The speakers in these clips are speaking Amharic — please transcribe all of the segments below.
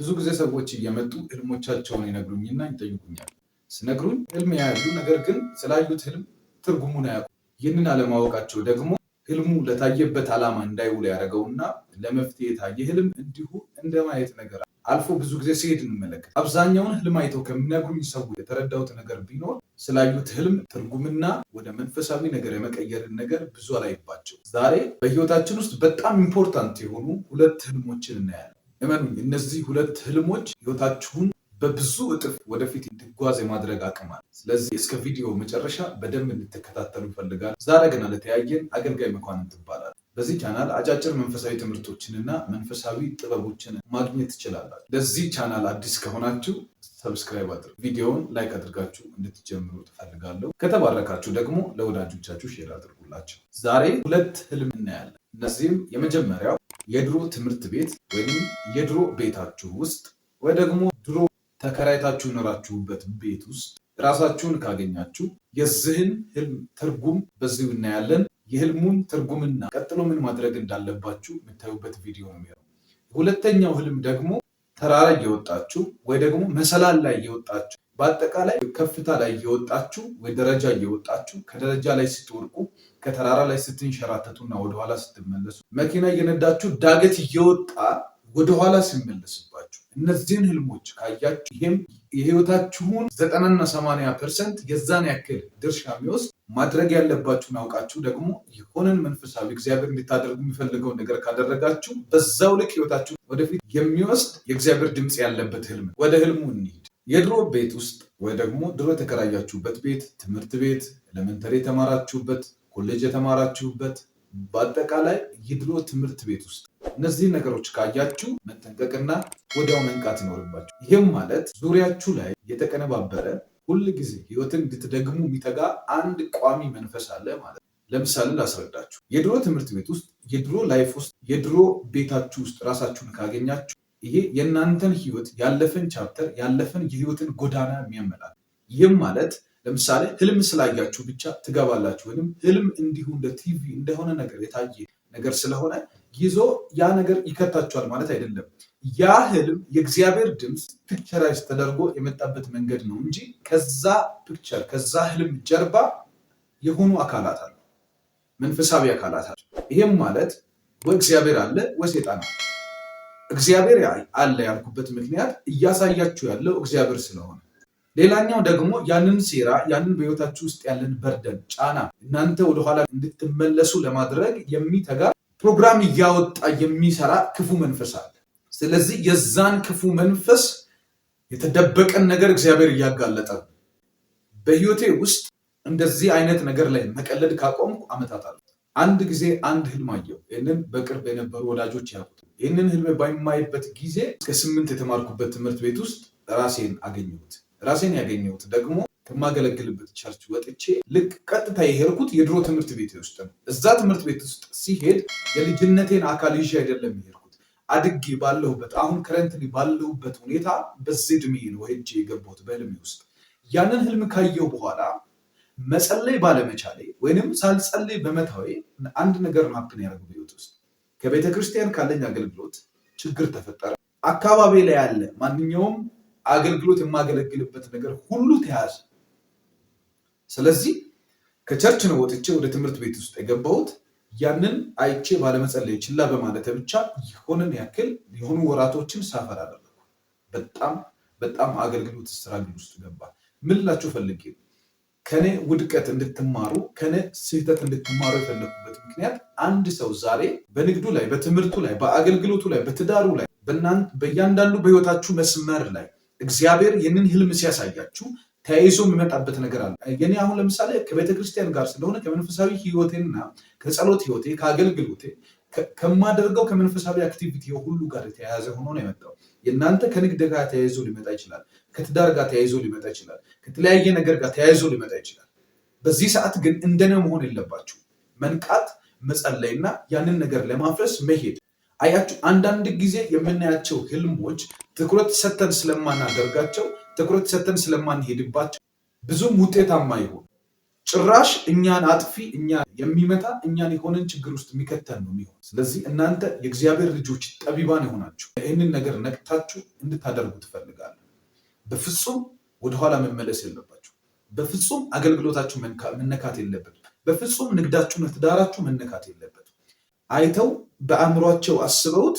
ብዙ ጊዜ ሰዎች እየመጡ ህልሞቻቸውን ይነግሩኝና ይጠይቁኛል። ስነግሩኝ ህልም ያያሉ፣ ነገር ግን ስላዩት ህልም ትርጉሙን አያውቁም። ይህንን አለማወቃቸው ደግሞ ህልሙ ለታየበት ዓላማ እንዳይውል ያደረገውና ለመፍትሄ የታየ ህልም እንዲሁ እንደ ማየት ነገር አልፎ ብዙ ጊዜ ሲሄድ እንመለከት። አብዛኛውን ህልም አይተው ከሚነግሩኝ ሰዎች የተረዳሁት ነገር ቢኖር ስላዩት ህልም ትርጉምና ወደ መንፈሳዊ ነገር የመቀየርን ነገር ብዙ አላይባቸው። ዛሬ በህይወታችን ውስጥ በጣም ኢምፖርታንት የሆኑ ሁለት ህልሞችን እናያለን። እመኑ እነዚህ ሁለት ህልሞች ህይወታችሁን በብዙ እጥፍ ወደፊት እንዲጓዝ የማድረግ አቅም አለ። ስለዚህ እስከ ቪዲዮ መጨረሻ በደንብ እንድትከታተሉ ይፈልጋል። ዛሬ ገና ለተያየን አገልጋይ መኳንን ትባላል። በዚህ ቻናል አጫጭር መንፈሳዊ ትምህርቶችንና መንፈሳዊ ጥበቦችን ማግኘት ትችላላችሁ። ለዚህ ቻናል አዲስ ከሆናችሁ ሰብስክራይብ አድርጉ። ቪዲዮውን ላይክ አድርጋችሁ እንድትጀምሩ ትፈልጋለሁ። ከተባረካችሁ ደግሞ ለወዳጆቻችሁ ሼር አድርጉላቸው። ዛሬ ሁለት ህልም እናያለን። እነዚህም የመጀመሪያው የድሮ ትምህርት ቤት ወይም የድሮ ቤታችሁ ውስጥ ወይ ደግሞ ድሮ ተከራይታችሁ ኖራችሁበት ቤት ውስጥ ራሳችሁን ካገኛችሁ የዚህን ህልም ትርጉም በዚሁ እናያለን። የህልሙን ትርጉምና ቀጥሎ ምን ማድረግ እንዳለባችሁ የምታዩበት ቪዲዮ ነው የሚሆነው። ሁለተኛው ህልም ደግሞ ተራራ እየወጣችሁ ወይ ደግሞ መሰላል ላይ እየወጣችሁ በአጠቃላይ ከፍታ ላይ እየወጣችሁ ወይ ደረጃ እየወጣችሁ ከደረጃ ላይ ስትወድቁ ከተራራ ላይ ስትንሸራተቱና ወደኋላ ስትመለሱ መኪና እየነዳችሁ ዳገት እየወጣ ወደኋላ ሲመለስባችሁ እነዚህን ህልሞች ካያችሁ ይህም የህይወታችሁን ዘጠናና ሰማንያ ፐርሰንት የዛን ያክል ድርሻ የሚወስድ ማድረግ ያለባችሁን አውቃችሁ ደግሞ የሆነን መንፈሳዊ እግዚአብሔር እንዲታደርጉ የሚፈልገውን ነገር ካደረጋችሁ በዛው ልክ ህይወታችሁ ወደፊት የሚወስድ የእግዚአብሔር ድምፅ ያለበት ህልም ወደ ህልሙ እንሂድ። የድሮ ቤት ውስጥ ወይ ደግሞ ድሮ የተከራያችሁበት ቤት፣ ትምህርት ቤት፣ ኤሌመንተሪ የተማራችሁበት፣ ኮሌጅ የተማራችሁበት፣ በአጠቃላይ የድሮ ትምህርት ቤት ውስጥ እነዚህን ነገሮች ካያችሁ መጠንቀቅና ወዲያው መንቃት ይኖርባችሁ። ይህም ማለት ዙሪያችሁ ላይ የተቀነባበረ ሁል ጊዜ ህይወትን እንድትደግሙ የሚተጋ አንድ ቋሚ መንፈስ አለ ማለት ነው። ለምሳሌ ላስረዳችሁ። የድሮ ትምህርት ቤት ውስጥ፣ የድሮ ላይፍ ውስጥ፣ የድሮ ቤታችሁ ውስጥ ራሳችሁን ካገኛችሁ ይሄ የእናንተን ህይወት ያለፈን ቻፕተር ያለፈን የህይወትን ጎዳና የሚያመላል። ይህም ማለት ለምሳሌ ህልም ስላያችሁ ብቻ ትገባላችሁ፣ ወይም ህልም እንዲሁ እንደ ቲቪ እንደሆነ ነገር የታየ ነገር ስለሆነ ይዞ ያ ነገር ይከታችኋል ማለት አይደለም። ያ ህልም የእግዚአብሔር ድምፅ ፒክቸራይዝ ተደርጎ የመጣበት መንገድ ነው እንጂ ከዛ ፒክቸር ከዛ ህልም ጀርባ የሆኑ አካላት አሉ፣ መንፈሳዊ አካላት አሉ። ይህም ማለት ወይ እግዚአብሔር አለ ወይ ሴጣን አለ። እግዚአብሔር አለ ያልኩበት ምክንያት እያሳያችሁ ያለው እግዚአብሔር ስለሆነ፣ ሌላኛው ደግሞ ያንን ሴራ ያንን በህይወታችሁ ውስጥ ያለን በርደን ጫና እናንተ ወደኋላ እንድትመለሱ ለማድረግ የሚተጋ ፕሮግራም እያወጣ የሚሰራ ክፉ መንፈስ አለ። ስለዚህ የዛን ክፉ መንፈስ የተደበቀን ነገር እግዚአብሔር እያጋለጠ በህይወቴ ውስጥ እንደዚህ አይነት ነገር ላይ መቀለድ ካቆምኩ ዓመታት አሉ። አንድ ጊዜ አንድ ህልም አየሁ። ይህንን በቅርብ የነበሩ ወዳጆች ያውቁት። ይህንን ህልም በማይበት ጊዜ እስከ ስምንት የተማርኩበት ትምህርት ቤት ውስጥ ራሴን አገኘሁት። ራሴን ያገኘሁት ደግሞ ከማገለግልበት ቸርች ወጥቼ ልክ ቀጥታ የሄድኩት የድሮ ትምህርት ቤት ውስጥ ነው። እዛ ትምህርት ቤት ውስጥ ሲሄድ የልጅነቴን አካል ይዤ አይደለም የሄድኩት። አድጌ ባለሁበት አሁን ከረንት ባለሁበት ሁኔታ በዚህ ዕድሜ ነው ሄጄ የገባሁት በህልሜ ውስጥ። ያንን ህልም ካየሁ በኋላ መጸለይ ባለመቻሌ ወይንም ሳልጸለይ በመታዌ አንድ ነገር ማፕን ያደረገው በህይወት ውስጥ ከቤተ ክርስቲያን ካለኝ አገልግሎት ችግር ተፈጠረ፣ አካባቢ ላይ ያለ ማንኛውም አገልግሎት የማገለግልበት ነገር ሁሉ ተያዘ። ስለዚህ ከቸርች ነው ወጥቼ ወደ ትምህርት ቤት ውስጥ የገባሁት። ያንን አይቼ ባለመጸለይ ችላ በማለት ብቻ የሆንን ያክል የሆኑ ወራቶችን ሳፈር አደረኩ። በጣም በጣም አገልግሎት ስራ ውስጥ ገባ። ምን ላችሁ ፈልጌ ከኔ ውድቀት እንድትማሩ ከኔ ስህተት እንድትማሩ የፈለኩበት ምክንያት አንድ ሰው ዛሬ በንግዱ ላይ፣ በትምህርቱ ላይ፣ በአገልግሎቱ ላይ፣ በትዳሩ ላይ፣ በእያንዳንዱ በህይወታችሁ መስመር ላይ እግዚአብሔር ይህንን ህልም ሲያሳያችሁ ተያይዞ የሚመጣበት ነገር አለ። የኔ አሁን ለምሳሌ ከቤተክርስቲያን ጋር ስለሆነ ከመንፈሳዊ ህይወቴና ከጸሎት ህይወቴ ከአገልግሎቴ ከማደርገው ከመንፈሳዊ አክቲቪቲ ሁሉ ጋር የተያያዘ ሆኖ ነው የመጣው። የእናንተ ከንግድ ጋር ተያይዞ ሊመጣ ይችላል። ከትዳር ጋር ተያይዞ ሊመጣ ይችላል። ከተለያየ ነገር ጋር ተያይዞ ሊመጣ ይችላል። በዚህ ሰዓት ግን እንደነ መሆን የለባችሁ። መንቃት፣ መጸለይና ያንን ነገር ለማፍረስ መሄድ። አያችሁ፣ አንዳንድ ጊዜ የምናያቸው ህልሞች ትኩረት ሰተን ስለማናደርጋቸው፣ ትኩረት ሰተን ስለማንሄድባቸው ብዙም ውጤታማ ይሆን ጭራሽ እኛን አጥፊ እኛ የሚመታ እኛን የሆነን ችግር ውስጥ የሚከተል ነው የሚሆን። ስለዚህ እናንተ የእግዚአብሔር ልጆች ጠቢባን የሆናችሁ ይህንን ነገር ነቅታችሁ እንድታደርጉ ትፈልጋለሁ። በፍጹም ወደኋላ መመለስ የለባችሁ። በፍጹም አገልግሎታችሁ መነካት የለበት። በፍጹም ንግዳችሁና ትዳራችሁ መነካት የለበት። አይተው በአእምሯቸው አስበውት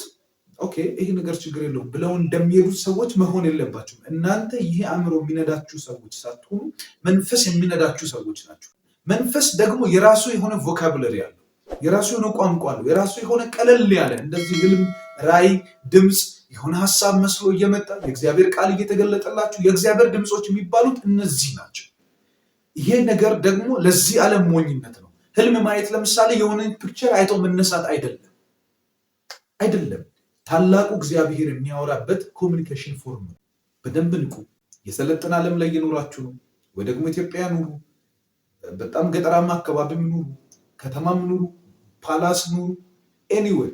ኦኬ ይህ ነገር ችግር የለውም ብለው እንደሚሄዱት ሰዎች መሆን የለባቸውም። እናንተ ይሄ አእምሮ የሚነዳችሁ ሰዎች ሳትሆኑ መንፈስ የሚነዳችሁ ሰዎች ናቸው። መንፈስ ደግሞ የራሱ የሆነ ቮካብለሪ አለው፣ የራሱ የሆነ ቋንቋ አለው፣ የራሱ የሆነ ቀለል ያለ እንደዚህ ህልም፣ ራይ ድምፅ የሆነ ሀሳብ መስሎ እየመጣ የእግዚአብሔር ቃል እየተገለጠላችሁ የእግዚአብሔር ድምፆች የሚባሉት እነዚህ ናቸው። ይሄ ነገር ደግሞ ለዚህ ዓለም ሞኝነት ነው። ህልም ማየት ለምሳሌ የሆነ ፒክቸር አይቶ መነሳት አይደለም አይደለም ታላቁ እግዚአብሔር የሚያወራበት ኮሚኒኬሽን ፎርም ነው። በደንብ ንቁ። የሰለጠነ ዓለም ላይ እየኖራችሁ ነው ወይ ደግሞ ኢትዮጵያ ኑሩ፣ በጣም ገጠራማ አካባቢ ኑሩ፣ ከተማም ኑሩ፣ ፓላስ ኑሩ፣ ኤኒዌይ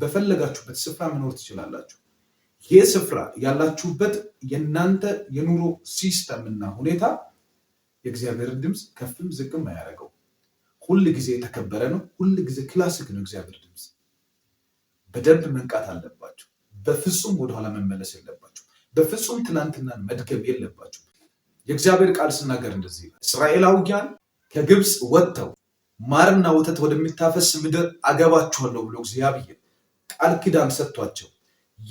በፈለጋችሁበት ስፍራ መኖር ትችላላችሁ። ይህ ስፍራ ያላችሁበት የእናንተ የኑሮ ሲስተም እና ሁኔታ የእግዚአብሔርን ድምፅ ከፍም ዝቅም አያደርገው። ሁል ጊዜ የተከበረ ነው። ሁል ጊዜ ክላሲክ ነው እግዚአብሔር ድምፅ በደንብ መንቃት አለባቸው። በፍጹም ወደኋላ መመለስ የለባቸው። በፍጹም ትናንትናን መድገም የለባቸው። የእግዚአብሔር ቃል ስናገር እንደዚህ ይላል፣ እስራኤላውያን ከግብፅ ወጥተው ማርና ወተት ወደሚታፈስ ምድር አገባችኋለሁ ብሎ እግዚአብሔር ቃል ኪዳን ሰጥቷቸው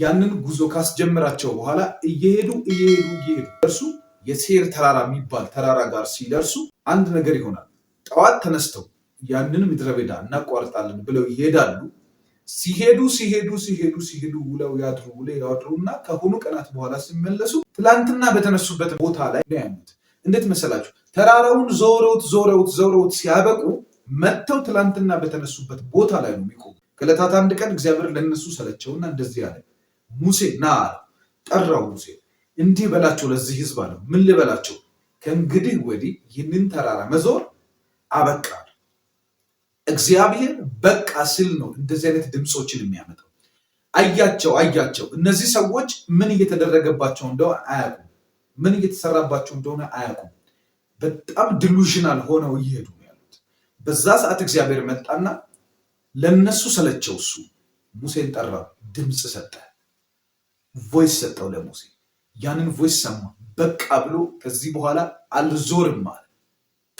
ያንን ጉዞ ካስጀመራቸው በኋላ እየሄዱ እየሄዱ እየሄዱ እርሱ የሴር ተራራ የሚባል ተራራ ጋር ሲደርሱ አንድ ነገር ይሆናል። ጠዋት ተነስተው ያንን ምድረ በዳ እናቋርጣለን ብለው ይሄዳሉ። ሲሄዱ ሲሄዱ ሲሄዱ ሲሄዱ ውለው ያድሩ ውለው ያድሩ እና ከሆኑ ቀናት በኋላ ሲመለሱ ትላንትና በተነሱበት ቦታ ላይ ያሉት። እንዴት መሰላችሁ? ተራራውን ዞረውት ዞረውት ዞረውት ሲያበቁ መጥተው ትላንትና በተነሱበት ቦታ ላይ ነው የሚቆሙ። ከዕለታት አንድ ቀን እግዚአብሔር ለእነሱ ሰለቸውና እንደዚህ አለ፣ ሙሴ ና ጠራው። ሙሴ እንዲህ በላቸው ለዚህ ህዝብ አለ። ምን ልበላቸው? ከእንግዲህ ወዲህ ይህንን ተራራ መዞር አበቃ እግዚአብሔር በቃ ሲል ነው እንደዚህ አይነት ድምፆችን የሚያመጣው። አያቸው አያቸው፣ እነዚህ ሰዎች ምን እየተደረገባቸው እንደሆነ አያውቁም፣ ምን እየተሰራባቸው እንደሆነ አያውቁም። በጣም ዲሉዥናል ሆነው እየሄዱ ነው ያሉት። በዛ ሰዓት እግዚአብሔር መጣና ለነሱ ሰለቸው። እሱ ሙሴን ጠራ፣ ድምፅ ሰጠ፣ ቮይስ ሰጠው ለሙሴ። ያንን ቮይስ ሰማ፣ በቃ ብሎ ከዚህ በኋላ አልዞርም አለ።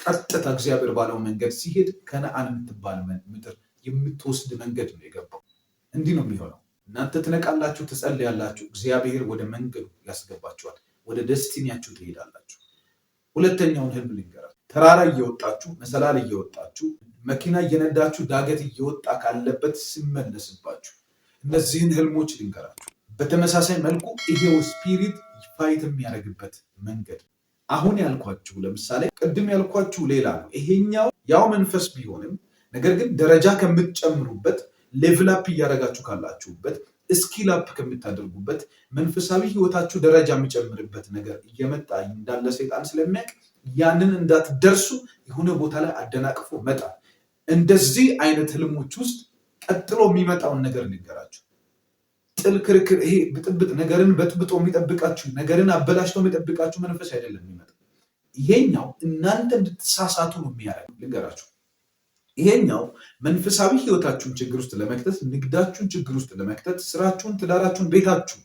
ቀጥታ እግዚአብሔር ባለው መንገድ ሲሄድ ከነአን የምትባል ምድር የምትወስድ መንገድ ነው የገባው። እንዲህ ነው የሚሆነው። እናንተ ትነቃላችሁ፣ ትጸልያላችሁ፣ እግዚአብሔር ወደ መንገዱ ያስገባችኋል። ወደ ደስቲኒያችሁ ትሄዳላችሁ። ሁለተኛውን ህልም ልንገራችሁ። ተራራ እየወጣችሁ መሰላል እየወጣችሁ መኪና እየነዳችሁ ዳገት እየወጣ ካለበት ሲመለስባችሁ እነዚህን ህልሞች ልንገራችሁ። በተመሳሳይ መልኩ ይሄው ስፒሪት ፋይት የሚያደርግበት መንገድ አሁን ያልኳችሁ ለምሳሌ ቅድም ያልኳችሁ ሌላ ነው። ይሄኛው ያው መንፈስ ቢሆንም ነገር ግን ደረጃ ከምትጨምሩበት ሌቭል አፕ እያደረጋችሁ ካላችሁበት እስኪል አፕ ከምታደርጉበት መንፈሳዊ ህይወታችሁ ደረጃ የሚጨምርበት ነገር እየመጣ እንዳለ ሰይጣን ስለሚያውቅ ያንን እንዳትደርሱ የሆነ ቦታ ላይ አደናቅፎ መጣ። እንደዚህ አይነት ህልሞች ውስጥ ቀጥሎ የሚመጣውን ነገር ንገራችሁ። ጥልክርክር ይሄ ብጥብጥ ነገርን በጥብጦ የሚጠብቃችሁ ነገርን አበላሽቶ የሚጠብቃችሁ መንፈስ አይደለም የሚመጣ። ይሄኛው እናንተ እንድትሳሳቱ ነው የሚያደርግ ልንገራችሁ። ይሄኛው መንፈሳዊ ህይወታችሁን ችግር ውስጥ ለመክተት፣ ንግዳችሁን ችግር ውስጥ ለመክተት፣ ስራችሁን፣ ትዳራችሁን፣ ቤታችሁን፣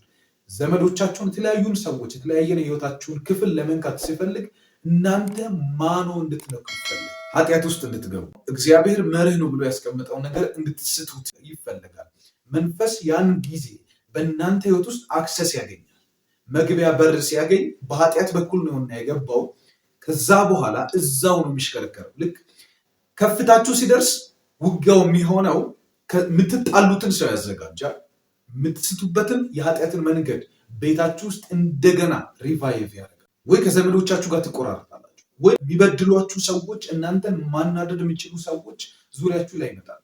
ዘመዶቻችሁን፣ የተለያዩን ሰዎች የተለያየን ህይወታችሁን ክፍል ለመንካት ሲፈልግ እናንተ ማኖ እንድትነኩ ይፈልግ ኃጢአት ውስጥ እንድትገቡ እግዚአብሔር መርህ ነው ብሎ ያስቀመጠው ነገር እንድትስቱት ይፈልጋል መንፈስ ያን ጊዜ በእናንተ ህይወት ውስጥ አክሰስ ያገኛል። መግቢያ በር ሲያገኝ በኃጢአት በኩል ነውና የገባው ከዛ በኋላ እዛው ነው የሚሽከረከረው። ልክ ከፍታችሁ ሲደርስ ውጊያው የሚሆነው የምትጣሉትን ሰው ያዘጋጃል። የምትስቱበትን የኃጢአትን መንገድ ቤታችሁ ውስጥ እንደገና ሪቫይቭ ያደርጋል። ወይ ከዘመዶቻችሁ ጋር ትቆራረጣላችሁ፣ ወይ የሚበድሏችሁ ሰዎች፣ እናንተን ማናደድ የሚችሉ ሰዎች ዙሪያችሁ ላይ ይመጣል።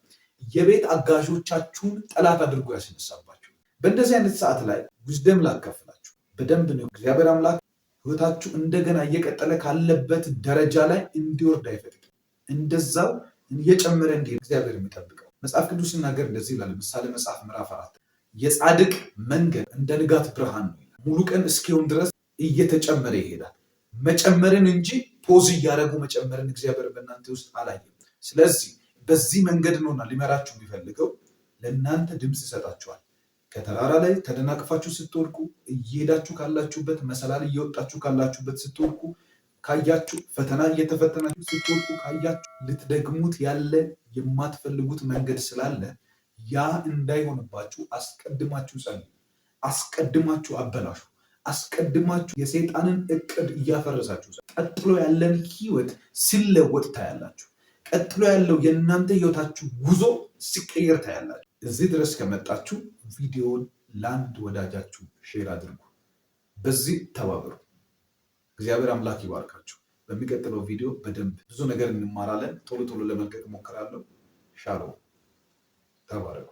የቤት አጋዦቻችሁን ጠላት አድርጎ ያስነሳባል። በእንደዚህ አይነት ሰዓት ላይ ዊዝደም ላካፍላችሁ በደንብ ነው። እግዚአብሔር አምላክ ህይወታችሁ እንደገና እየቀጠለ ካለበት ደረጃ ላይ እንዲወርድ አይፈቅድም። እንደዛው እየጨመረ እንዲ እግዚአብሔር የሚጠብቀው መጽሐፍ ቅዱስ ሲናገር እንደዚህ ይላል። ምሳሌ መጽሐፍ ምዕራፍ አራት የጻድቅ መንገድ እንደ ንጋት ብርሃን ነው ይላል። ሙሉ ቀን እስኪሆን ድረስ እየተጨመረ ይሄዳል። መጨመርን እንጂ ፖዝ እያደረጉ መጨመርን እግዚአብሔር በእናንተ ውስጥ አላየም። ስለዚህ በዚህ መንገድ ነውና ሊመራችሁ የሚፈልገው ለእናንተ ድምፅ ይሰጣችኋል። ከተራራ ላይ ተደናቅፋችሁ ስትወድቁ እየሄዳችሁ ካላችሁበት መሰላል እየወጣችሁ ካላችሁበት ስትወድቁ ካያችሁ ፈተና እየተፈተናችሁ ስትወድቁ ካያችሁ ልትደግሙት ያለ የማትፈልጉት መንገድ ስላለ ያ እንዳይሆንባችሁ አስቀድማችሁ ጸልዩ። አስቀድማችሁ አበላሹ። አስቀድማችሁ የሰይጣንን እቅድ እያፈረሳችሁ ቀጥሎ ያለን ህይወት ሲለወጥ ታያላችሁ። ቀጥሎ ያለው የእናንተ ህይወታችሁ ጉዞ ሲቀየር ታያላችሁ። እዚህ ድረስ ከመጣችሁ ቪዲዮን ለአንድ ወዳጃችሁ ሼር አድርጉ። በዚህ ተባበሩ። እግዚአብሔር አምላክ ይባርካችሁ። በሚቀጥለው ቪዲዮ በደንብ ብዙ ነገር እንማራለን። ቶሎ ቶሎ ለመልቀቅ እሞክራለሁ። ሻሎ ተባረኩ።